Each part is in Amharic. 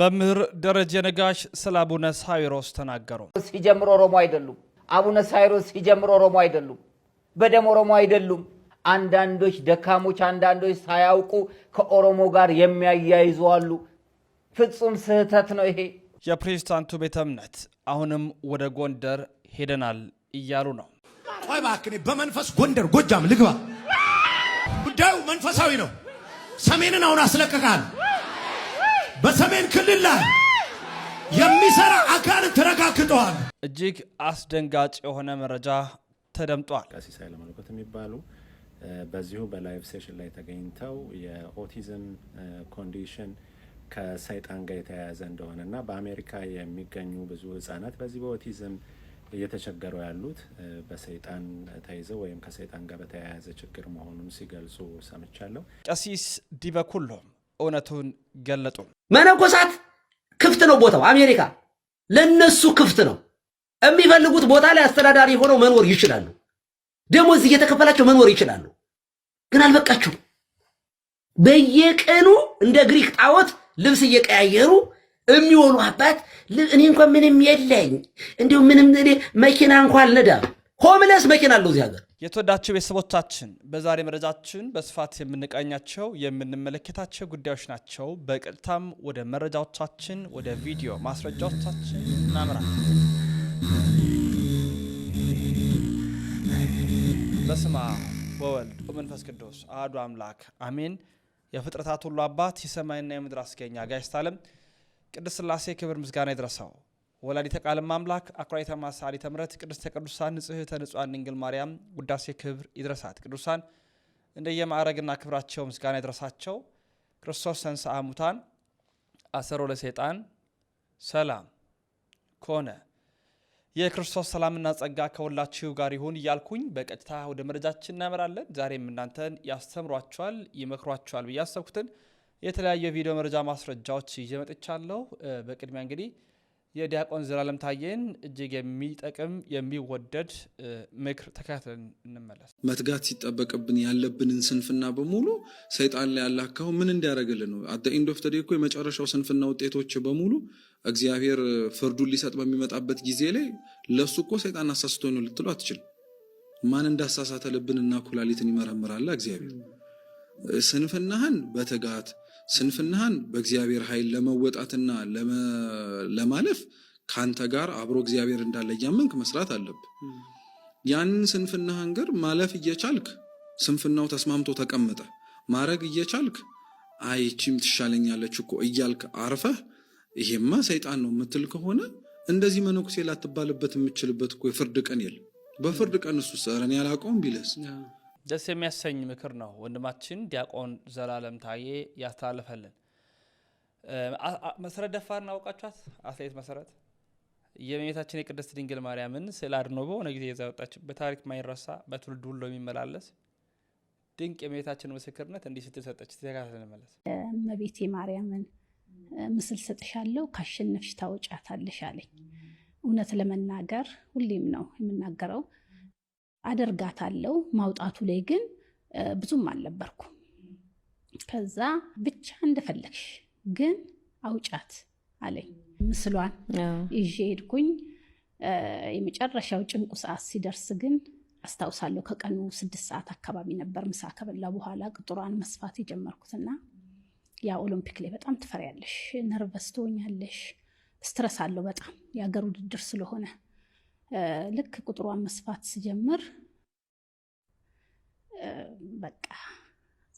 መምህር ደረጀ ነጋሽ ስለ አቡነ ሳዊሮስ ተናገሩ። ሲጀምር ኦሮሞ አይደሉም። አቡነ ሳዊሮስ ሲጀምር ኦሮሞ አይደሉም። በደም ኦሮሞ አይደሉም። አንዳንዶች ደካሞች፣ አንዳንዶች ሳያውቁ ከኦሮሞ ጋር የሚያያይዙ አሉ። ፍጹም ስህተት ነው ይሄ። የፕሬዝዳንቱ ቤተ እምነት አሁንም ወደ ጎንደር ሄደናል እያሉ ነው። ቆይ እባክህ በመንፈስ ጎንደር ጎጃም ልግባ። ጉዳዩ መንፈሳዊ ነው። ሰሜንን አሁን አስለቅቃል። በሰሜን ክልል ላይ የሚሰራ አካል ተረጋግጠዋል። እጅግ አስደንጋጭ የሆነ መረጃ ተደምጧል። ቀሲስ ኃይለመለኮት የሚባሉ በዚሁ በላይቭ ሴሽን ላይ ተገኝተው የኦቲዝም ኮንዲሽን ከሰይጣን ጋር የተያያዘ እንደሆነ እና በአሜሪካ የሚገኙ ብዙ ህጻናት በዚህ በኦቲዝም እየተቸገሩ ያሉት በሰይጣን ተይዘው ወይም ከሰይጣን ጋር በተያያዘ ችግር መሆኑን ሲገልጹ ሰምቻለሁ። ቀሲስ ዲበኩሎም እውነቱን ገለጡ። መነኮሳት ክፍት ነው ቦታው፣ አሜሪካ ለነሱ ክፍት ነው። የሚፈልጉት ቦታ ላይ አስተዳዳሪ ሆነው መኖር ይችላሉ። ደሞዝ እየተከፈላቸው መኖር ይችላሉ። ግን አልበቃችሁም በየቀኑ እንደ ግሪክ ጣዖት ልብስ እየቀያየሩ የሚወሉ አባት እኔ እንኳን ምንም የለኝ እንዲሁም ምንም መኪና እንኳን አልነዳም። ሆምለስ መኪና አለው እዚህ ሀገር የተወዳቸው ቤተሰቦቻችን በዛሬ መረጃችን በስፋት የምንቃኛቸው የምንመለከታቸው ጉዳዮች ናቸው። በቀጥታም ወደ መረጃዎቻችን ወደ ቪዲዮ ማስረጃዎቻችን እናምራለን። በስመ አብ ወወልድ ወመንፈስ ቅዱስ አሐዱ አምላክ አሜን። የፍጥረታት ሁሉ አባት የሰማይና የምድር አስገኛ ጋይስታለም ቅድስት ስላሴ ክብር ምስጋና ይድረሰው። ወላዲተ ቃለ አምላክ አኩራይተ ማሳሊተ ምሕረት ቅድስተ ቅዱሳን ንጽሕተ ንጹሐን ድንግል ማርያም ውዳሴ ክብር ይድረሳት። ቅዱሳን እንደየማዕረግና ክብራቸው ምስጋና ይድረሳቸው። ክርስቶስ ተንሥአ እሙታን አሰሮ ለሰይጣን ሰላም ኮነ። የክርስቶስ ሰላምና ጸጋ ከሁላችሁ ጋር ይሁን እያልኩኝ በቀጥታ ወደ መረጃችን እናመራለን። ዛሬም እናንተን ያስተምሯችኋል፣ ይመክሯችኋል ብዬ ያሰብኩትን የተለያዩ የቪዲዮ መረጃ ማስረጃዎች ይዤ መጥቻለሁ። በቅድሚያ እንግዲህ የዲያቆን ዘላለም ታየን እጅግ የሚጠቅም የሚወደድ ምክር ተከታትለን እንመለስ። መትጋት ሲጠበቅብን ያለብንን ስንፍና በሙሉ ሰይጣን ላይ ያላካው ምን እንዲያደርግልን ነው? አደ ኢንድ ኦፍ ተዴ እኮ የመጨረሻው ስንፍና ውጤቶች በሙሉ እግዚአብሔር ፍርዱን ሊሰጥ በሚመጣበት ጊዜ ላይ ለሱ እኮ ሰይጣን አሳስቶኝ ነው ልትሉ አትችል። ማን እንዳሳሳተ ልብንና ኩላሊትን ይመረምራል እግዚአብሔር። ስንፍናህን በትጋት ስንፍናህን በእግዚአብሔር ኃይል ለመወጣትና ለማለፍ ከአንተ ጋር አብሮ እግዚአብሔር እንዳለ እያመንክ መስራት አለብ ያንን ስንፍናህን ግን ማለፍ እየቻልክ ስንፍናው ተስማምቶ ተቀመጠ ማድረግ እየቻልክ አይቺም ትሻለኛለች እኮ እያልክ አርፈህ ይሄማ ሰይጣን ነው የምትል ከሆነ እንደዚህ መነኩሴ ላትባልበት የምችልበት እኮ የፍርድ ቀን የለ በፍርድ ቀን እሱ ሰረን ያላቀውም ቢለስ ደስ የሚያሰኝ ምክር ነው ወንድማችን ዲያቆን ዘላለም ታዬ ያስተላለፈልን። መሰረት ደፋር እናውቃችኋት አትሌት መሰረት የእመቤታችን የቅድስት ድንግል ማርያምን ስዕል አድኖ በሆነ ጊዜ የዛወጣችን በታሪክ ማይረሳ በትውልድ ሁሉ የሚመላለስ ድንቅ የእመቤታችን ምስክርነት እንዲህ ስትል ሰጠች። ተካትልንመለስ እመቤቴ ማርያምን ምስል ሰጥሻለሁ ካሸነፍሽ ታወጫታለሽ አለኝ። እውነት ለመናገር ሁሌም ነው የምናገረው አለው ማውጣቱ ላይ ግን ብዙም አልነበርኩ ከዛ ብቻ እንደፈለግሽ ግን አውጫት አለኝ። ምስሏን ይዤ ሄድኩኝ። የመጨረሻው ጭንቁ ሰዓት ሲደርስ ግን አስታውሳለሁ ከቀኑ ስድስት ሰዓት አካባቢ ነበር ምሳ ከበላ በኋላ ቅጥሯን መስፋት የጀመርኩትና ያ ኦሎምፒክ ላይ በጣም ትፈሪያለሽ፣ ነርቨስ ትሆኛለሽ፣ ስትረስ አለው በጣም የሀገር ውድድር ስለሆነ ልክ ቁጥሯን መስፋት ስጀምር በቃ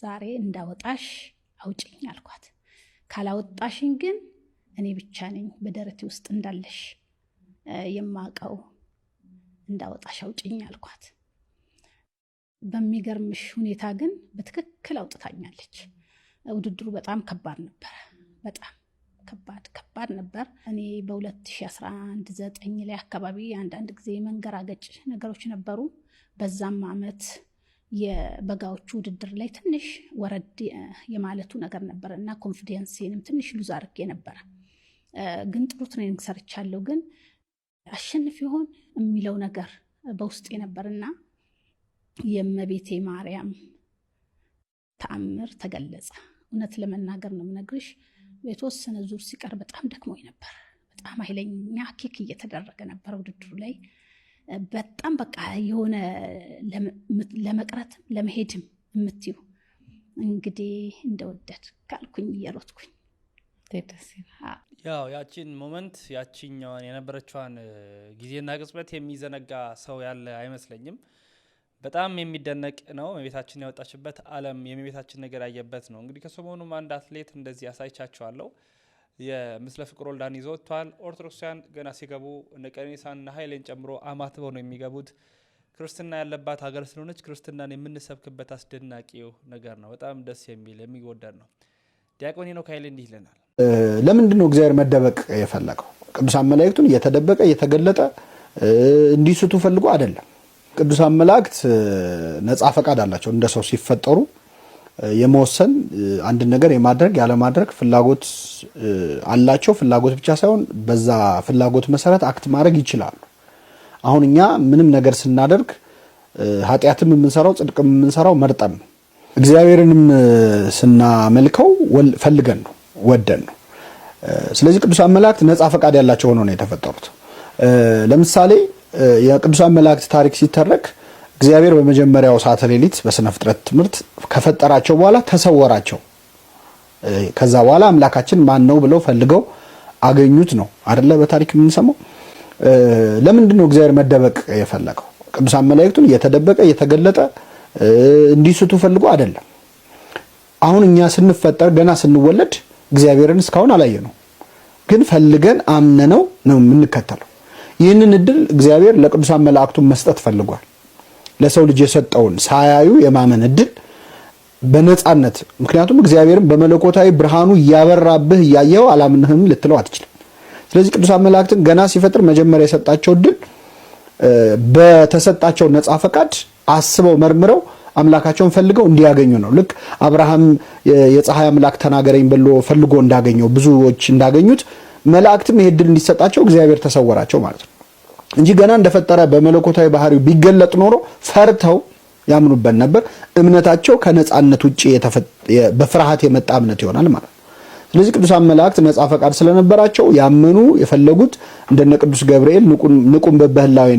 ዛሬ እንዳወጣሽ አውጭኝ አልኳት። ካላወጣሽኝ ግን እኔ ብቻ ነኝ በደረቴ ውስጥ እንዳለሽ የማውቀው፣ እንዳወጣሽ አውጭኝ አልኳት። በሚገርምሽ ሁኔታ ግን በትክክል አውጥታኛለች። ውድድሩ በጣም ከባድ ነበረ፣ በጣም ከባድ ከባድ ነበር። እኔ በ2011 ዘጠኝ ላይ አካባቢ አንዳንድ ጊዜ መንገራገጭ ነገሮች ነበሩ። በዛም አመት የበጋዎቹ ውድድር ላይ ትንሽ ወረድ የማለቱ ነገር ነበር እና ኮንፊደንስንም ትንሽ ሉዝ አድርጌ ነበረ። ግን ጥሩ ትሬኒንግ ሰርቻለሁ። ግን አሸንፍ ይሆን የሚለው ነገር በውስጤ ነበር እና የእመቤቴ ማርያም ተአምር ተገለጸ። እውነት ለመናገር ነው የምነግርሽ። የተወሰነ ዙር ሲቀር በጣም ደክሞኝ ነበር። በጣም ኃይለኛ ኬክ እየተደረገ ነበር ውድድሩ ላይ በጣም በቃ የሆነ ለመቅረትም ለመሄድም የምትዩ እንግዲህ እንደወደድ ካልኩኝ እየሮጥኩኝ ያው ያቺን ሞመንት ያቺኛዋን የነበረችዋን ጊዜና ቅጽበት የሚዘነጋ ሰው ያለ አይመስለኝም። በጣም የሚደነቅ ነው። እመቤታችን ያወጣችበት ዓለም የእመቤታችን ነገር ያየበት ነው። እንግዲህ ከሰሞኑም አንድ አትሌት እንደዚህ ያሳይቻቸዋለው የምስለ ፍቅር ወልዳን ይዞ ወጥቷል። ኦርቶዶክሳውያን ገና ሲገቡ እነ ቀነኒሳንና ኃይሌን ጨምሮ አማትበው ነው የሚገቡት። ክርስትና ያለባት ሀገር ስለሆነች ክርስትናን የምንሰብክበት አስደናቂው ነገር ነው። በጣም ደስ የሚል የሚወደድ ነው። ዲያቆኒ ነው ኃይሌ እንዲህ ይለናል። ለምንድን ነው እግዚአብሔር መደበቅ የፈለገው? ቅዱሳን መላእክቱን እየተደበቀ እየተገለጠ እንዲስቱ ፈልጎ አይደለም ቅዱሳን መላእክት ነጻ ፈቃድ አላቸው። እንደ ሰው ሲፈጠሩ የመወሰን አንድን ነገር የማድረግ ያለማድረግ ፍላጎት አላቸው። ፍላጎት ብቻ ሳይሆን በዛ ፍላጎት መሰረት አክት ማድረግ ይችላሉ። አሁን እኛ ምንም ነገር ስናደርግ ኃጢአትም የምንሰራው ጽድቅም የምንሰራው መርጠን ነው። እግዚአብሔርንም ስናመልከው ፈልገን ነው ወደን ነው። ስለዚህ ቅዱሳን መላእክት ነፃ ፈቃድ ያላቸው ሆነው ነው የተፈጠሩት። ለምሳሌ የቅዱሳን መላእክት ታሪክ ሲተረክ እግዚአብሔር በመጀመሪያው ሰዓተ ሌሊት በስነ ፍጥረት ትምህርት ከፈጠራቸው በኋላ ተሰወራቸው። ከዛ በኋላ አምላካችን ማን ነው ብለው ፈልገው አገኙት ነው አደለ? በታሪክ የምንሰማው። ለምንድን ነው እግዚአብሔር መደበቅ የፈለገው? ቅዱሳን መላእክቱን እየተደበቀ እየተገለጠ እንዲስቱ ፈልጎ አይደለም። አሁን እኛ ስንፈጠር ገና ስንወለድ እግዚአብሔርን እስካሁን አላየ ነው፣ ግን ፈልገን አምነነው ነው የምንከተለው ይህንን እድል እግዚአብሔር ለቅዱሳን መላእክቱን መስጠት ፈልጓል። ለሰው ልጅ የሰጠውን ሳያዩ የማመን እድል በነፃነት ምክንያቱም እግዚአብሔርም በመለኮታዊ ብርሃኑ እያበራብህ እያየው አላምንህም ልትለው አትችልም። ስለዚህ ቅዱሳን መላእክትን ገና ሲፈጥር መጀመሪያ የሰጣቸው እድል በተሰጣቸው ነፃ ፈቃድ አስበው መርምረው አምላካቸውን ፈልገው እንዲያገኙ ነው። ልክ አብርሃም የፀሐይ አምላክ ተናገረኝ ብሎ ፈልጎ እንዳገኘው ብዙዎች እንዳገኙት መላእክትም ይሄ እድል እንዲሰጣቸው እግዚአብሔር ተሰወራቸው ማለት ነው። እንጂ ገና እንደፈጠረ በመለኮታዊ ባህሪው ቢገለጥ ኖሮ ፈርተው ያምኑበት ነበር። እምነታቸው ከነጻነት ውጭ በፍርሃት የመጣ እምነት ይሆናል ማለት ነው። ስለዚህ ቅዱሳን መላእክት ነጻ ፈቃድ ስለነበራቸው ያመኑ የፈለጉት እንደነ ቅዱስ ገብርኤል ንቁም በበህላዊ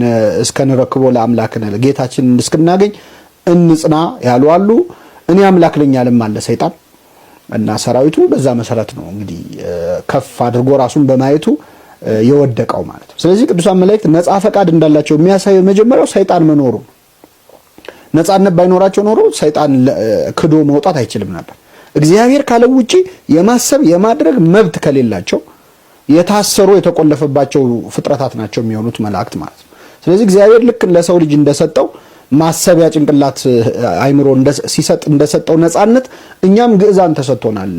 እስከንረክቦ ለአምላክነ ጌታችንን እስክናገኝ እንጽና ያሉ አሉ። እኔ አምላክ ነኝ ያለም አለ ሰይጣን እና ሰራዊቱ። በዛ መሰረት ነው እንግዲህ ከፍ አድርጎ ራሱን በማየቱ የወደቀው ማለት ነው። ስለዚህ ቅዱሳን መላእክት ነፃ ፈቃድ እንዳላቸው የሚያሳየው መጀመሪያው ሰይጣን መኖሩ ነፃነት ባይኖራቸው ኖሮ ሰይጣን ክዶ መውጣት አይችልም ነበር። እግዚአብሔር ካለው ውጪ የማሰብ የማድረግ መብት ከሌላቸው የታሰሩ የተቆለፈባቸው ፍጥረታት ናቸው የሚሆኑት መላእክት ማለት ነው። ስለዚህ እግዚአብሔር ልክ ለሰው ልጅ እንደሰጠው ማሰቢያ ጭንቅላት አይምሮ ሲሰጥ እንደሰጠው ነፃነት እኛም ግዕዛን ተሰጥቶናል።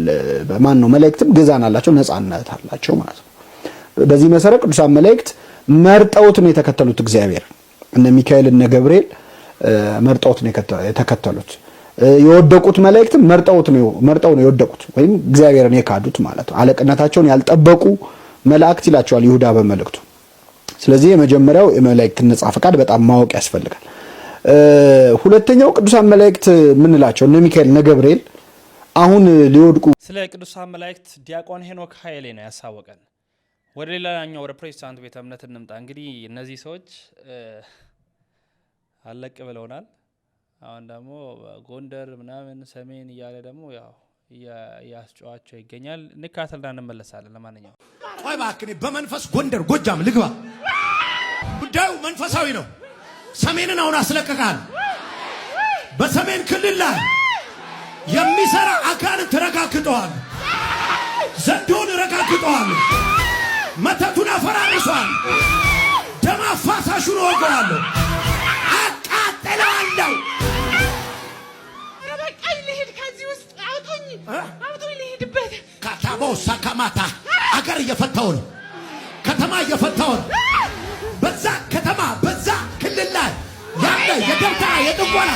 ማን ነው መላእክትም ግዕዛን አላቸው ነፃነት አላቸው ማለት ነው። በዚህ መሰረት ቅዱሳን መላእክት መርጠውት ነው የተከተሉት። እግዚአብሔር እነ ሚካኤል እነ ገብርኤል መርጠውት ነው የተከተሉት። የወደቁት መላእክትም መርጠውት ነው መርጠው ነው የወደቁት ወይም እግዚአብሔርን የካዱት ማለት ነው። አለቅነታቸውን ያልጠበቁ መላእክት ይላቸዋል ይሁዳ በመልእክቱ። ስለዚህ የመጀመሪያው የመላእክትን ነጻ ፈቃድ በጣም ማወቅ ያስፈልጋል። ሁለተኛው ቅዱሳን መላእክት የምንላቸው እነ ሚካኤል እነ ገብርኤል አሁን ሊወድቁ ስለ ቅዱሳን መላእክት ዲያቆን ሄኖክ ኃይሌ ነው ያሳወቀን። ወደ ሌላኛው ወደ ፕሮቴስታንት ቤተ እምነት እንምጣ። እንግዲህ እነዚህ ሰዎች አለቅ ብለውናል። አሁን ደግሞ ጎንደር ምናምን ሰሜን እያለ ደግሞ ያው እያስጨዋቸው ይገኛል። እንካተልና እንመለሳለን። ለማንኛውም ቆይ እባክህ በመንፈስ ጎንደር ጎጃም ልግባ። ጉዳዩ መንፈሳዊ ነው። ሰሜንን አሁን አስለቀቃል? በሰሜን ክልል ላይ የሚሰራ አካልን ተረጋግጠዋል። ዘንዶን ረጋግጠዋል። መተቱን አፈራርሷል። ደም አፋሳሹን እወገዋለሁ፣ አቃጥለዋለሁ። በቃኝ፣ ልሂድ። ከዚህ ውስጥ አውጡኝ፣ አውጡኝ፣ ልሂድበት። ካታቦ ሳካማታ አገር እየፈታው ነው። ከተማ እየፈታው ነው። በዛ ከተማ በዛ ክልል ላይ ያለ የደብታ የጥንቆላ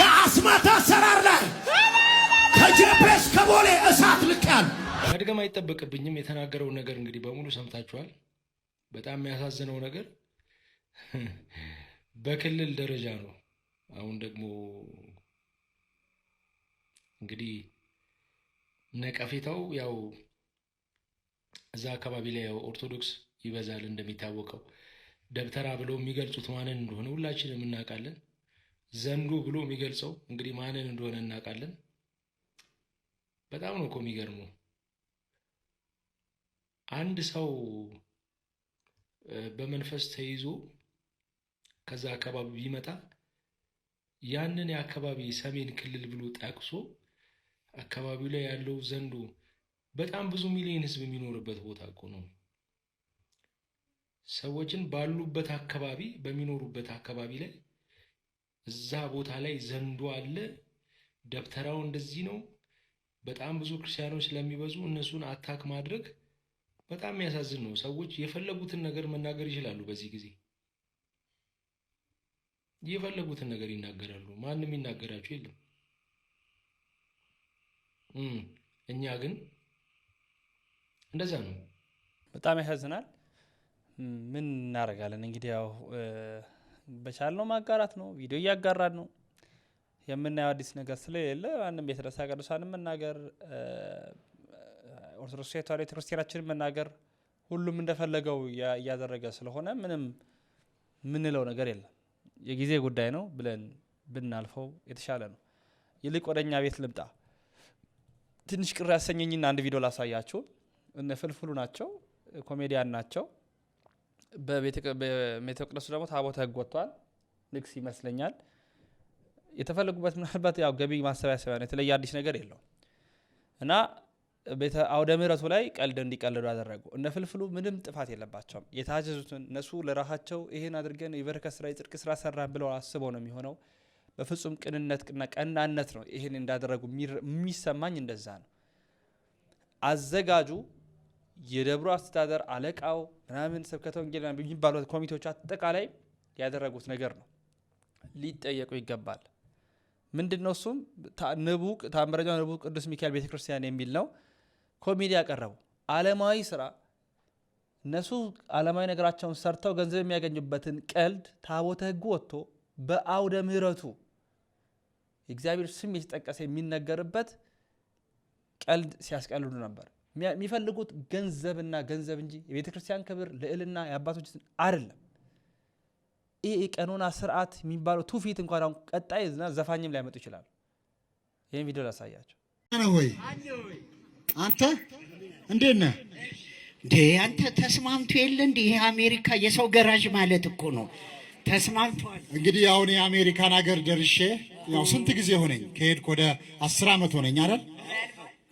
የአስማታ ሰራር ላይ ከጄፔስ ከቦሌ እሳት ልቅ ያሉ መድገም አይጠበቅብኝም። የተናገረው ነገር እንግዲህ በሙሉ ሰምታችኋል። በጣም የሚያሳዝነው ነገር በክልል ደረጃ ነው። አሁን ደግሞ እንግዲህ ነቀፌታው ያው እዛ አካባቢ ላይ ያው ኦርቶዶክስ ይበዛል እንደሚታወቀው። ደብተራ ብለው የሚገልጹት ማንን እንደሆነ ሁላችንም እናውቃለን። ዘንዶ ብሎ የሚገልጸው እንግዲህ ማንን እንደሆነ እናውቃለን። በጣም ነው እኮ የሚገርመው። አንድ ሰው በመንፈስ ተይዞ ከዛ አካባቢ ቢመጣ ያንን የአካባቢ ሰሜን ክልል ብሎ ጠቅሶ አካባቢው ላይ ያለው ዘንዶ በጣም ብዙ ሚሊዮን ሕዝብ የሚኖርበት ቦታ እኮ ነው። ሰዎችን ባሉበት አካባቢ በሚኖሩበት አካባቢ ላይ እዛ ቦታ ላይ ዘንዶ አለ፣ ደብተራው እንደዚህ ነው፣ በጣም ብዙ ክርስቲያኖች ስለሚበዙ እነሱን አታክ ማድረግ በጣም የሚያሳዝን ነው። ሰዎች የፈለጉትን ነገር መናገር ይችላሉ። በዚህ ጊዜ የፈለጉትን ነገር ይናገራሉ። ማንም ይናገራቸው የለም። እኛ ግን እንደዛ ነው። በጣም ያሳዝናል። ምን እናደርጋለን እንግዲህ ያው በቻልነው ማጋራት ነው። ቪዲዮ እያጋራን ነው። የምናየው አዲስ ነገር ስለሌለ አንድም ቤተረሳ ቅዱሳንም መናገር ኦርቶዶክስ ተዋሕዶ ቤተክርስቲያናችን መናገር ሁሉም እንደፈለገው እያደረገ ስለሆነ ምንም ምንለው ነገር የለም። የጊዜ ጉዳይ ነው ብለን ብናልፈው የተሻለ ነው። ይልቅ ወደ እኛ ቤት ልምጣ። ትንሽ ቅር ያሰኘኝና አንድ ቪዲዮ ላሳያችሁ። እነ ፍልፍሉ ናቸው፣ ኮሜዲያን ናቸው። በቤተ ደግሞ ታቦተ ሕግ ወጥቷል። ንግስ ይመስለኛል የተፈለጉበት ምናልባት ያው ገቢ ማሰባሰቢያ ነው። የተለየ አዲስ ነገር የለውም እና አውደ ምሕረቱ ላይ ቀልድ እንዲቀልዱ አደረጉ። እነ ፍልፍሉ ምንም ጥፋት የለባቸውም። የታዘዙትን እነሱ ለራሳቸው ይህን አድርገን የበረከት ስራ የጽድቅ ስራ ሰራ ብለው አስበው ነው የሚሆነው። በፍጹም ቅንነትና ቀናነት ነው ይህን እንዳደረጉ የሚሰማኝ እንደዛ ነው። አዘጋጁ የደብሮ አስተዳደር አለቃው ምናምን ስብከተ ወንጌል የሚባሉት ኮሚቴዎች አጠቃላይ ያደረጉት ነገር ነው፣ ሊጠየቁ ይገባል። ምንድን ነው እሱም ንቡቅ ታምረኛው ንቡቅ ቅዱስ ሚካኤል ቤተክርስቲያን የሚል ነው። ኮሚቴ ያቀረቡ ዓለማዊ ስራ እነሱ ዓለማዊ ነገራቸውን ሰርተው ገንዘብ የሚያገኙበትን ቀልድ ታቦተ ሕጉ ወጥቶ በአውደ ምሕረቱ የእግዚአብሔር ስም የተጠቀሰ የሚነገርበት ቀልድ ሲያስቀልዱ ነበር። የሚፈልጉት ገንዘብና ገንዘብ እንጂ የቤተ ክርስቲያን ክብር፣ ልዕልና የአባቶች አይደለም። ይህ የቀኖና ስርዓት የሚባለው ትውፊት እንኳን አሁን ቀጣይ ዘፋኝም ሊያመጡ ይችላሉ። ይህም ቪዲዮ ላሳያቸው። አንተ እንዴት ነህ? እንዴ አንተ ተስማምቶ የለ እንዲ ይሄ አሜሪካ የሰው ገራዥ ማለት እኮ ነው። ተስማምቷል። እንግዲህ አሁን የአሜሪካን ሀገር ደርሼ ያው ስንት ጊዜ ሆነኝ ከሄድኩ? ወደ አስር ዓመት ሆነኝ አይደል?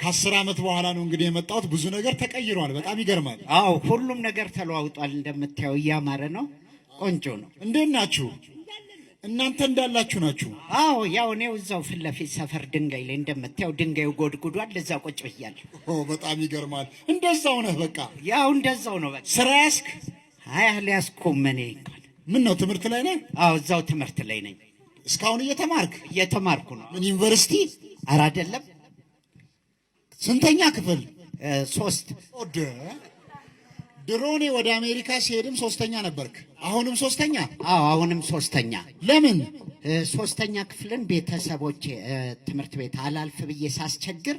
ከአስር ዓመት በኋላ ነው እንግዲህ የመጣሁት። ብዙ ነገር ተቀይሯል። በጣም ይገርማል። አዎ ሁሉም ነገር ተለዋውጧል። እንደምታየው እያማረ ነው። ቆንጆ ነው። እንዴት ናችሁ? እናንተ እንዳላችሁ ናችሁ። አዎ ያው እኔው እዛው ፊት ለፊት ሰፈር ድንጋይ ላይ እንደምታየው ድንጋዩ ጎድጉዷል። ለዛ ቁጭ ብያለሁ። በጣም ይገርማል። እንደዛው ነህ። በቃ ያው እንደዛው ነው። በቃ ስራ ያስክ አያ ሊያስቆም እኔ ምን ነው ትምህርት ላይ ነህ? አዎ እዛው ትምህርት ላይ ነኝ። እስካሁን እየተማርክ? እየተማርኩ ነው። ምን ዩኒቨርሲቲ? ኧረ አይደለም። ስንተኛ ክፍል? ሶስት ድሮ እኔ ወደ አሜሪካ ሲሄድም ሶስተኛ ነበርክ። አሁንም ሶስተኛ? አዎ አሁንም ሶስተኛ። ለምን ሶስተኛ ክፍልን ቤተሰቦች ትምህርት ቤት አላልፍ ብዬ ሳስቸግር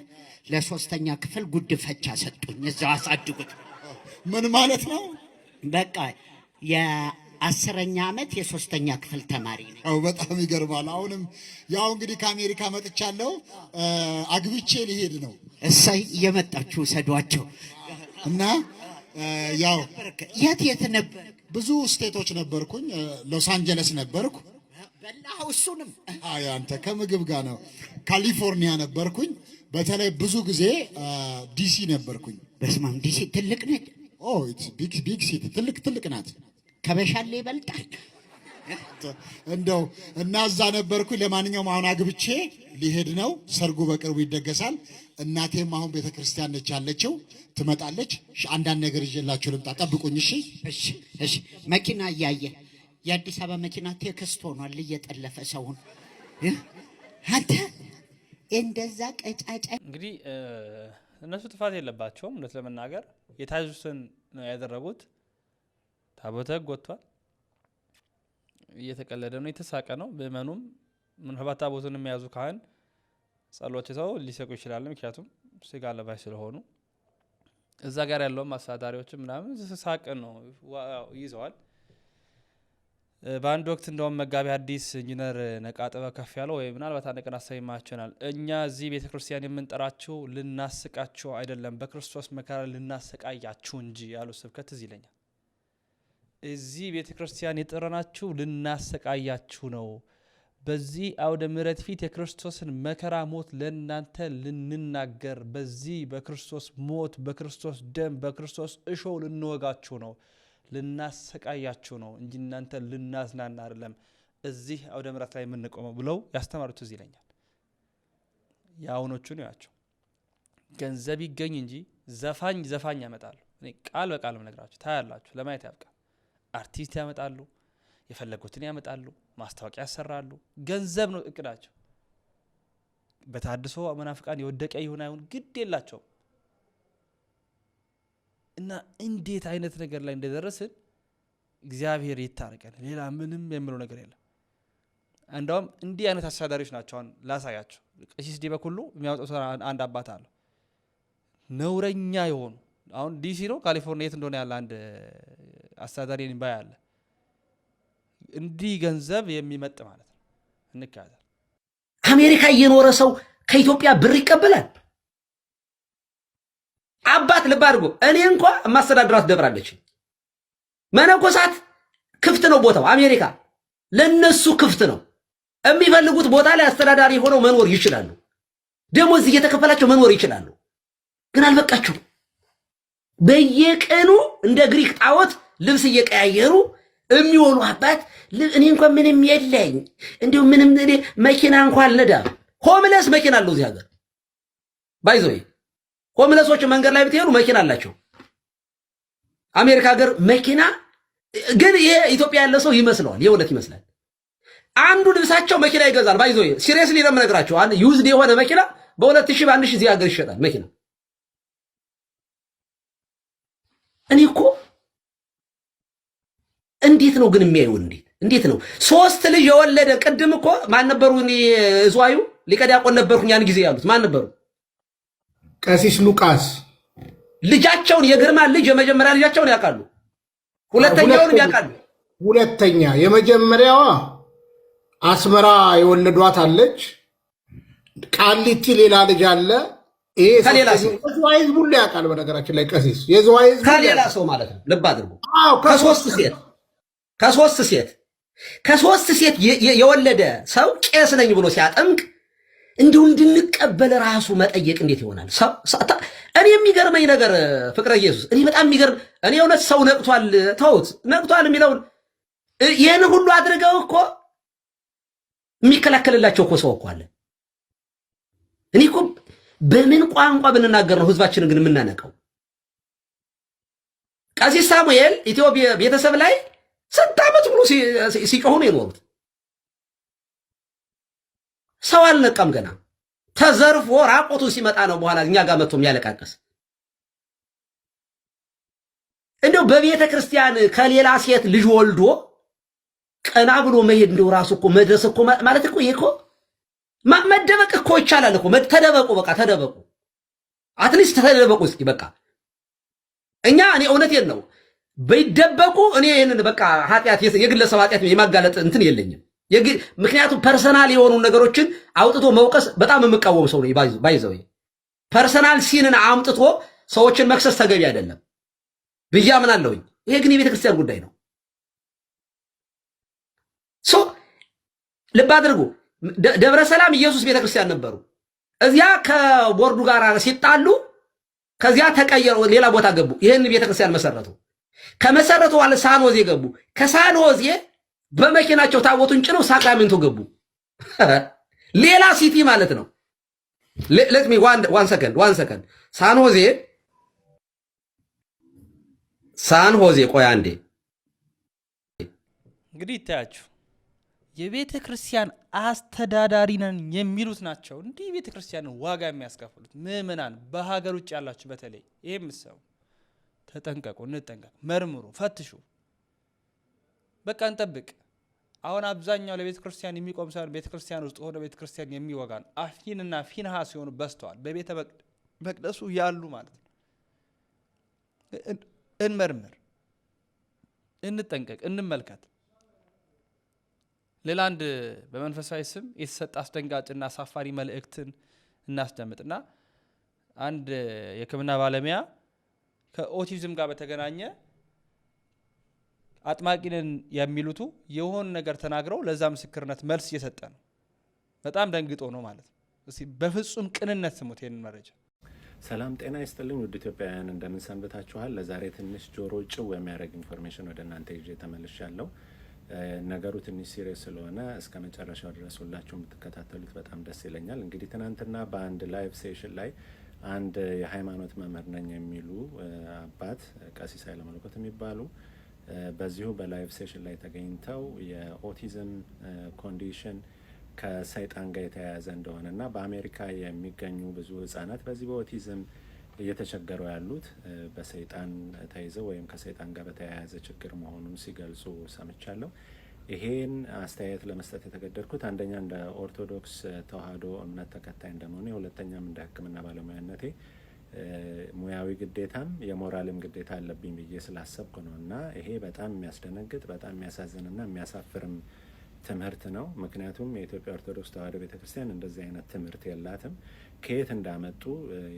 ለሶስተኛ ክፍል ጉድ ፈቻ ሰጡኝ። እዛው አሳድጉት። ምን ማለት ነው? በቃ የአስረኛ ዓመት የሶስተኛ ክፍል ተማሪ ነው። በጣም ይገርማል። አሁንም ያው እንግዲህ ከአሜሪካ መጥቻለሁ። አግብቼ ሊሄድ ነው። እሰይ እየመጣችሁ ውሰዷቸው እና ያው የት የት ነበር? ብዙ ስቴቶች ነበርኩኝ። ሎስ አንጀለስ ነበርኩ። በላው እሱንም አንተ ከምግብ ጋር ነው። ካሊፎርኒያ ነበርኩኝ። በተለይ ብዙ ጊዜ ዲሲ ነበርኩኝ። በስማም ዲሲ ትልቅ ነች። ቢግ ሲቲ ትልቅ ትልቅ ናት። ከበሻሌ ይበልጣል እንደው እና እዛ ነበርኩኝ። ለማንኛውም አሁን አግብቼ ሊሄድ ነው። ሰርጉ በቅርቡ ይደገሳል። እናቴም አሁን ቤተ ክርስቲያን ነች ያለችው፣ ትመጣለች። አንዳንድ ነገር ይዤላችሁ ልምጣ፣ ጠብቁኝ። እሺ፣ እሺ። እሺ። መኪና እያየ የአዲስ አበባ መኪና ቴክስት ሆኗል፣ እየጠለፈ ሰውን አንተ እንደዛ ቀጫጫ። እንግዲህ እነሱ ጥፋት የለባቸውም። እውነት ለመናገር የታዙትን ነው ያደረጉት። ታቦተ ሕግ ወጥቷል። እየተቀለደ ነው፣ የተሳቀ ነው። በመኑም ምናልባት ታቦትን የሚያዙ ካህን ጸሎችተው ሊሰቁ ይችላል። ምክንያቱም ስጋ ለባሽ ስለሆኑ እዛ ጋር ያለውም አሳዳሪዎችም ምናምን ሳቅ ነው ይዘዋል። በአንድ ወቅት እንደውም መጋቢ አዲስ ኢንጂነር ነቃ ጥበብ ከፍ ያለው ወይ ምናልባት አንድ ቀን አሰማችናል። እኛ እዚህ ቤተ ክርስቲያን የምንጠራችሁ ልናስቃችሁ አይደለም፣ በክርስቶስ መከራ ልናሰቃያችሁ እንጂ ያሉ ስብከት እዚህ ይለኛል። እዚህ ቤተ ክርስቲያን የጠራናችሁ ልናሰቃያችሁ ነው በዚህ አውደ ምሕረት ፊት የክርስቶስን መከራ ሞት ለእናንተ ልንናገር በዚህ በክርስቶስ ሞት፣ በክርስቶስ ደም፣ በክርስቶስ እሾህ ልንወጋችሁ ነው፣ ልናሰቃያችሁ ነው እንጂ እናንተ ልናዝናና አይደለም እዚህ አውደ ምሕረት ላይ የምንቆመው ብለው ያስተማሩት እዚህ ይለኛል። የአሁኖቹን ያቸው ገንዘብ ይገኝ እንጂ ዘፋኝ ዘፋኝ ያመጣሉ። ቃል በቃል ምነግራችሁ ታያላችሁ፣ ለማየት ያብቃል። አርቲስት ያመጣሉ፣ የፈለጉትን ያመጣሉ። ማስታወቂያ ያሰራሉ። ገንዘብ ነው እቅዳቸው። በታድሶ መናፍቃን የወደቀ ይሁን አይሁን ግድ የላቸውም። እና እንዴት አይነት ነገር ላይ እንደደረስን እግዚአብሔር ይታረቀን። ሌላ ምንም የምለው ነገር የለም። እንደውም እንዲህ አይነት አስተዳዳሪዎች ናቸው። አሁን ላሳያቸው። ቀሲስ ዲበኩሉ የሚያወጣው ስራ አንድ አባት አለው። ነውረኛ የሆኑ አሁን ዲሲ ነው ካሊፎርኒያ የት እንደሆነ ያለ አንድ አስተዳዳሪ ባ አለ እንዲህ ገንዘብ የሚመጥ ማለት ነው። እንካያለን። አሜሪካ እየኖረ ሰው ከኢትዮጵያ ብር ይቀበላል። አባት ልብ አድርጎ እኔ እንኳ የማስተዳድራት ደብራለች። መነኮሳት ክፍት ነው ቦታው፣ አሜሪካ ለነሱ ክፍት ነው። የሚፈልጉት ቦታ ላይ አስተዳዳሪ ሆነው መኖር ይችላሉ። ደሞዝ እየተከፈላቸው መኖር ይችላሉ። ግን አልበቃቸው። በየቀኑ እንደ ግሪክ ጣዖት ልብስ እየቀያየሩ የሚሆኑ አባት እኔ እንኳን ምንም የለኝ እንዲሁ ምንም እኔ መኪና እንኳን አልነዳም። ሆምለስ መኪና አለው እዚህ ሀገር ባይዘይ ሆምለሶች መንገድ ላይ ብትሄዱ መኪና አላቸው። አሜሪካ ሀገር መኪና ግን ይሄ ኢትዮጵያ ያለ ሰው ይመስለዋል፣ የእውነት ይመስላል። አንዱ ልብሳቸው መኪና ይገዛል። ባይዘይ ሲሪየስሊ ነው የምነግራቸው። አንድ ዩዝድ የሆነ መኪና በሁለት ሺህ በአንድ ሺህ እዚህ ሀገር ይሸጣል መኪና እኔ እኮ እንዴት ነው ግን የሚያዩ? እንዴት እንዴት ነው ሶስት ልጅ የወለደ ቅድም እኮ ማን ነበሩ? እኔ እዝዋዩ ሊቀ ዲያቆን ነበርኩኝ ያን ጊዜ ያሉት ማን ነበሩ? ቀሲስ ሉቃስ ልጃቸውን የግርማን ልጅ የመጀመሪያ ልጃቸውን ያውቃሉ፣ ሁለተኛውንም ያውቃሉ። ሁለተኛ የመጀመሪያዋ አስመራ የወለዷት አለች፣ ቃሊቲ ሌላ ልጅ አለ። ይሄ የዝዋይ ያውቃል። በነገራችን ላይ ቀሲስ የዝዋይ ከሌላ ሰው ማለት ነው። ልብ አድርጎ ከሶስት ሴት ከሶስት ሴት ከሶስት ሴት የወለደ ሰው ቄስ ነኝ ብሎ ሲያጠምቅ እንዲሁ እንድንቀበል ራሱ መጠየቅ እንዴት ይሆናል? እኔ የሚገርመኝ ነገር ፍቅረ ኢየሱስ እኔ በጣም የሚገርም እኔ እውነት ሰው ነቅቷል፣ ተውት ነቅቷል የሚለውን ይህን ሁሉ አድርገው እኮ የሚከላከልላቸው እኮ ሰው እኮ አለ። እኔ እኮ በምን ቋንቋ ብንናገር ነው ህዝባችንን ግን የምናነቀው? ቀሲስ ሳሙኤል ኢትዮጵያ ቤተሰብ ላይ ስንት ዓመት ሙሉ ሲጮሁ ነው የኖሩት። ሰው አልነቀም ገና ተዘርፎ ራቆቱን ሲመጣ ነው በኋላ እኛ ጋር መጥቶ የሚያለቃቀስ። እንደው በቤተ ክርስቲያን ከሌላ ሴት ልጅ ወልዶ ቀና ብሎ መሄድ እንደው ራሱ እኮ መድረስ እኮ ማለት እኮ ይሄ እኮ መደበቅ እኮ ይቻላል እኮ። ተደበቁ፣ በቃ ተደበቁ፣ አትሊስት ተደበቁ እስኪ በቃ እኛ እኔ እውነቴን ነው ቢደበቁ እኔ ይህንን በቃ ኃጢአት የግለሰብ ኃጢአት የማጋለጥ እንትን የለኝም። ምክንያቱም ፐርሰናል የሆኑ ነገሮችን አውጥቶ መውቀስ በጣም የምቃወም ሰው ነው። ባይዘው ፐርሰናል ሲንን አምጥቶ ሰዎችን መክሰስ ተገቢ አይደለም ብዬ አምናለሁኝ። ይሄ ግን የቤተ ክርስቲያን ጉዳይ ነው። ልብ አድርጉ። ደብረ ሰላም ኢየሱስ ቤተ ክርስቲያን ነበሩ። እዚያ ከቦርዱ ጋር ሲጣሉ፣ ከዚያ ተቀየሩ፣ ሌላ ቦታ ገቡ። ይህን ቤተ ክርስቲያን መሰረቱ። ከመሰረቱ በኋላ ሳንሆዜ ገቡ። ከሳንሆዜ በመኪናቸው ታቦቱን ጭነው ሳክራሜንቶ ገቡ። ሌላ ሲቲ ማለት ነው። ሌት ሚ ዋን ሰከንድ ዋን ሰከንድ። ሳንሆዜ ሳንሆዜ ቆይ አንዴ እንግዲህ ይታያችሁ የቤተ ክርስቲያን አስተዳዳሪ ነን የሚሉት ናቸው እንዲህ ቤተ ክርስቲያንን ዋጋ የሚያስከፍሉት ምዕመናን፣ በሀገር ውጭ ያላችሁ በተለይ ይህ ምሰው ተጠንቀቁ፣ እንጠንቀቅ፣ መርምሩ፣ ፈትሹ። በቃ እንጠብቅ። አሁን አብዛኛው ለቤተ ክርስቲያን የሚቆም ሳይሆን ቤተ ክርስቲያን ውስጥ ሆነ ቤተ ክርስቲያን የሚወጋ ነው። አፊንና ፊንሃ ሲሆኑ በዝተዋል። በቤተ መቅደሱ ያሉ ማለት ነው። እንመርምር፣ እንጠንቀቅ፣ እንመልከት። ሌላ አንድ በመንፈሳዊ ስም የተሰጠ አስደንጋጭና አሳፋሪ መልእክትን እናስደምጥና አንድ የሕክምና ባለሙያ ከኦቲዝም ጋር በተገናኘ አጥማቂንን የሚሉቱ የሆን ነገር ተናግረው ለዛ ምስክርነት መልስ እየሰጠ ነው። በጣም ደንግጦ ነው ማለት ነው። እስቲ በፍጹም ቅንነት ስሙት ይህንን መረጃ። ሰላም ጤና ይስጥልኝ ውድ ኢትዮጵያውያን እንደምን ሰንብታችኋል? ለዛሬ ትንሽ ጆሮ ጭው የሚያደርግ ኢንፎርሜሽን ወደ እናንተ ይዤ ተመልሻለሁ። ነገሩ ትንሽ ሲሪየስ ስለሆነ እስከ መጨረሻው ድረስ ሁላችሁ የምትከታተሉት በጣም ደስ ይለኛል። እንግዲህ ትናንትና በአንድ ላይቭ ሴሽን ላይ አንድ የሃይማኖት መምህር ነኝ የሚሉ አባት ቀሲስ ኃይለመለኮት የሚባሉ በዚሁ በላይቭ ሴሽን ላይ ተገኝተው የኦቲዝም ኮንዲሽን ከሰይጣን ጋር የተያያዘ እንደሆነ እና በአሜሪካ የሚገኙ ብዙ ህጻናት በዚህ በኦቲዝም እየተቸገሩ ያሉት በሰይጣን ተይዘው ወይም ከሰይጣን ጋር በተያያዘ ችግር መሆኑን ሲገልጹ ሰምቻለሁ። ይሄን አስተያየት ለመስጠት የተገደድኩት አንደኛ እንደ ኦርቶዶክስ ተዋህዶ እምነት ተከታይ እንደመሆነ፣ ሁለተኛም እንደ ሕክምና ባለሙያነቴ ሙያዊ ግዴታም የሞራልም ግዴታ አለብኝ ብዬ ስላሰብኩ ነው እና ይሄ በጣም የሚያስደነግጥ በጣም የሚያሳዝንና የሚያሳፍርም ትምህርት ነው። ምክንያቱም የኢትዮጵያ ኦርቶዶክስ ተዋሕዶ ቤተክርስቲያን እንደዚህ አይነት ትምህርት የላትም። ከየት እንዳመጡ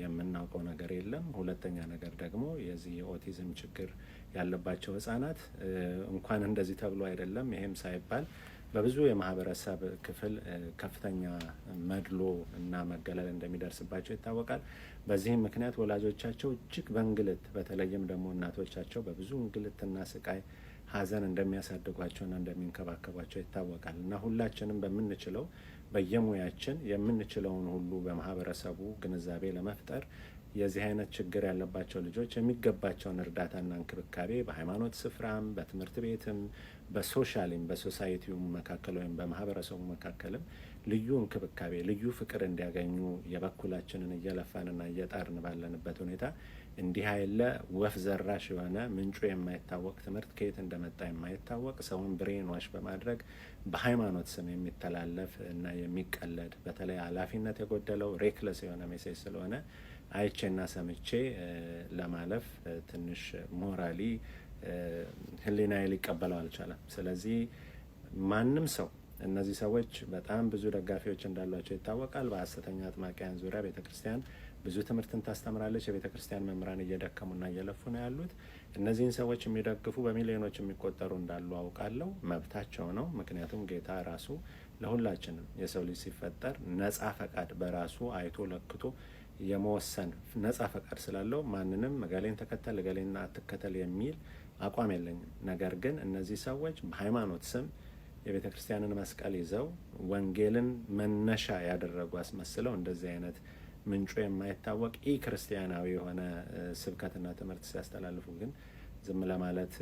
የምናውቀው ነገር የለም። ሁለተኛ ነገር ደግሞ የዚህ የኦቲዝም ችግር ያለባቸው ህጻናት እንኳን እንደዚህ ተብሎ አይደለም ይሄም ሳይባል በብዙ የማህበረሰብ ክፍል ከፍተኛ መድሎ እና መገለል እንደሚደርስባቸው ይታወቃል። በዚህም ምክንያት ወላጆቻቸው እጅግ በእንግልት በተለይም ደግሞ እናቶቻቸው በብዙ እንግልትና ስቃይ ሀዘን እንደሚያሳድጓቸውና እንደሚንከባከቧቸው ይታወቃል። እና ሁላችንም በምንችለው በየሙያችን የምንችለውን ሁሉ በማህበረሰቡ ግንዛቤ ለመፍጠር የዚህ አይነት ችግር ያለባቸው ልጆች የሚገባቸውን እርዳታና እንክብካቤ በሃይማኖት ስፍራም፣ በትምህርት ቤትም፣ በሶሻሊም በሶሳይቲውም መካከል ወይም በማህበረሰቡ መካከልም ልዩ እንክብካቤ ልዩ ፍቅር እንዲያገኙ የበኩላችንን እየለፋንና እየጣርን ባለንበት ሁኔታ እንዲህ ያለ ወፍ ዘራሽ የሆነ ምንጩ የማይታወቅ ትምህርት ከየት እንደመጣ የማይታወቅ ሰውን ብሬን ዋሽ በማድረግ በሃይማኖት ስም የሚተላለፍ እና የሚቀለድ በተለይ ኃላፊነት የጎደለው ሬክለስ የሆነ ሜሴጅ ስለሆነ አይቼና ሰምቼ ለማለፍ ትንሽ ሞራሊ ህሊና ሊቀበለው አልቻለም። ስለዚህ ማንም ሰው እነዚህ ሰዎች በጣም ብዙ ደጋፊዎች እንዳሏቸው ይታወቃል። በሀሰተኛ አጥማቂያን ዙሪያ ቤተ ክርስቲያን ብዙ ትምህርትን ታስተምራለች። የቤተ ክርስቲያን መምህራን እየደከሙና እየለፉ ነው ያሉት። እነዚህን ሰዎች የሚደግፉ በሚሊዮኖች የሚቆጠሩ እንዳሉ አውቃለሁ። መብታቸው ነው። ምክንያቱም ጌታ ራሱ ለሁላችንም የሰው ልጅ ሲፈጠር ነጻ ፈቃድ በራሱ አይቶ ለክቶ የመወሰን ነጻ ፈቃድ ስላለው ማንንም እገሌን ተከተል እገሌና አትከተል የሚል አቋም የለኝም። ነገር ግን እነዚህ ሰዎች በሃይማኖት ስም የቤተ ክርስቲያንን መስቀል ይዘው ወንጌልን መነሻ ያደረጉ አስመስለው እንደዚህ አይነት ምንጩ የማይታወቅ ኢ ክርስቲያናዊ የሆነ ስብከትና ትምህርት ሲያስተላልፉ ግን ዝም ለማለት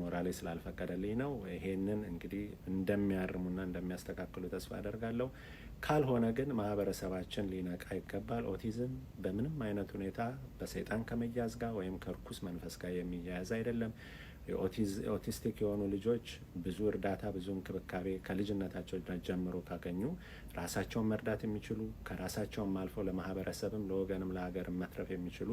ሞራሌ ስላልፈቀደልኝ ነው። ይሄንን እንግዲህ እንደሚያርሙና እንደሚያስተካክሉ ተስፋ አደርጋለሁ። ካልሆነ ግን ማህበረሰባችን ሊነቃ ይገባል። ኦቲዝም በምንም አይነት ሁኔታ በሰይጣን ከመያዝ ጋር ወይም ከርኩስ መንፈስ ጋር የሚያያዝ አይደለም። ኦቲስቲክ የሆኑ ልጆች ብዙ እርዳታ ብዙ እንክብካቤ ከልጅነታቸው ጀምሮ ካገኙ ራሳቸውን መርዳት የሚችሉ ከራሳቸውም አልፎ ለማህበረሰብም ለወገንም ለሀገርም መትረፍ የሚችሉ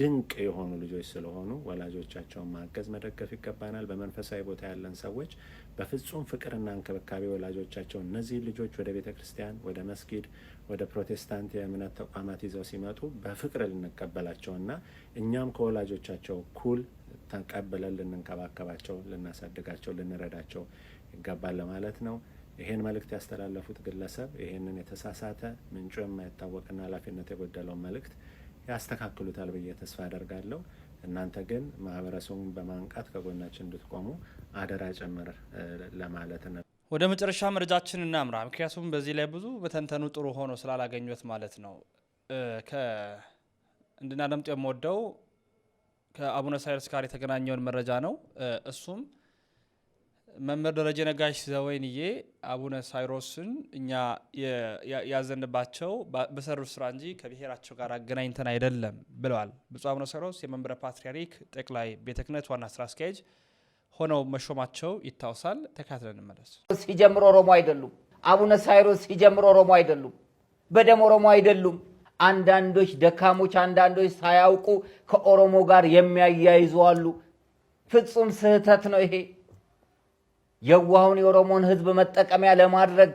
ድንቅ የሆኑ ልጆች ስለሆኑ ወላጆቻቸውን ማገዝ መደገፍ ይገባናል። በመንፈሳዊ ቦታ ያለን ሰዎች በፍጹም ፍቅርና እንክብካቤ ወላጆቻቸው እነዚህ ልጆች ወደ ቤተ ክርስቲያን፣ ወደ መስጊድ፣ ወደ ፕሮቴስታንት የእምነት ተቋማት ይዘው ሲመጡ በፍቅር ልንቀበላቸውና እኛም ከወላጆቻቸው እኩል ተቀብለን ልንንከባከባቸው፣ ልናሳድጋቸው፣ ልንረዳቸው ይገባል ለማለት ነው። ይሄን መልእክት ያስተላለፉት ግለሰብ ይሄንን የተሳሳተ ምንጩ የማይታወቅና ኃላፊነት የጎደለውን መልእክት ያስተካክሉታል ብዬ ተስፋ አደርጋለሁ። እናንተ ግን ማህበረሰቡን በማንቃት ከጎናችን እንድትቆሙ አደራ ጭምር ለማለት ነው። ወደ መጨረሻ መረጃችን እናምራ። ምክንያቱም በዚህ ላይ ብዙ በተንተኑ ጥሩ ሆኖ ስላላገኙት ማለት ነው እንድናደምጥ የምወደው ከአቡነ ሳይረስ ጋር የተገናኘውን መረጃ ነው። እሱም መምህር ደረጀ ነጋሽ ዘወይንዬ አቡነ ሳይሮስን እኛ ያዘንባቸው በሰሩት ስራ እንጂ ከብሔራቸው ጋር አገናኝተን አይደለም ብለዋል። ብፁዕ አቡነ ሳይሮስ የመንበረ ፓትርያርክ ጠቅላይ ቤተ ክህነት ዋና ስራ አስኪያጅ ሆነው መሾማቸው ይታወሳል። ተካትለን እንመለስ። ሲጀምር ኦሮሞ አይደሉም። አቡነ ሳይሮስ ሲጀምር ኦሮሞ አይደሉም። በደም ኦሮሞ አይደሉም። አንዳንዶች ደካሞች፣ አንዳንዶች ሳያውቁ ከኦሮሞ ጋር የሚያያይዙ አሉ። ፍጹም ስህተት ነው ይሄ። የዋሁን የኦሮሞን ህዝብ መጠቀሚያ ለማድረግ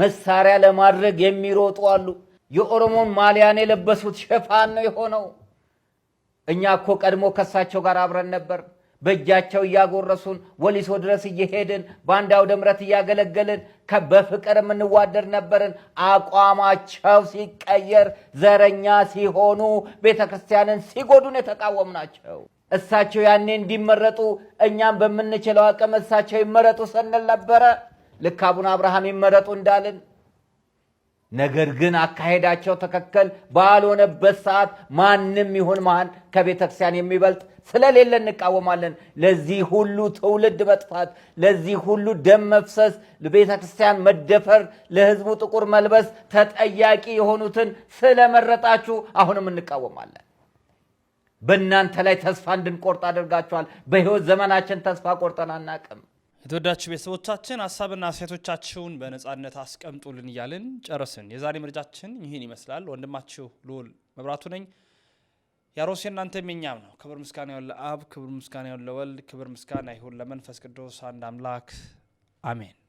መሳሪያ ለማድረግ የሚሮጡ አሉ። የኦሮሞን ማሊያን የለበሱት ሽፋን ነው የሆነው። እኛ እኮ ቀድሞ ከሳቸው ጋር አብረን ነበር። በእጃቸው እያጎረሱን ወሊሶ ድረስ እየሄድን በአንድ አውደ ምረት እያገለገልን በፍቅር የምንዋደድ ነበርን። አቋማቸው ሲቀየር ዘረኛ ሲሆኑ ቤተ ክርስቲያንን ሲጎዱን ናቸው። እሳቸው ያኔ እንዲመረጡ እኛም በምንችለው አቅም እሳቸው ይመረጡ ስንል ነበረ። ልክ አቡነ አብርሃም ይመረጡ እንዳልን ነገር ግን አካሄዳቸው ትክክል ባልሆነበት ሰዓት ማንም ይሁን ማን ከቤተ ክርስቲያን የሚበልጥ ስለሌለ እንቃወማለን። ለዚህ ሁሉ ትውልድ መጥፋት፣ ለዚህ ሁሉ ደም መፍሰስ፣ ለቤተ ክርስቲያን መደፈር፣ ለህዝቡ ጥቁር መልበስ ተጠያቂ የሆኑትን ስለመረጣችሁ አሁንም እንቃወማለን። በእናንተ ላይ ተስፋ እንድንቆርጥ አድርጋችኋል። በህይወት ዘመናችን ተስፋ ቆርጠን አናቅም። የተወዳችሁ ቤተሰቦቻችን ሀሳብና ሴቶቻችሁን በነጻነት አስቀምጡልን እያልን ጨረስን። የዛሬ ምርጫችን ይህን ይመስላል። ወንድማችሁ ልዑል መብራቱ ነኝ። ያሮሴ የእናንተም የእኛም ነው። ክብር ምስጋና ይሁን ለአብ፣ ክብር ምስጋና ይሁን ለወልድ፣ ክብር ምስጋና ይሁን ለመንፈስ ቅዱስ አንድ አምላክ አሜን።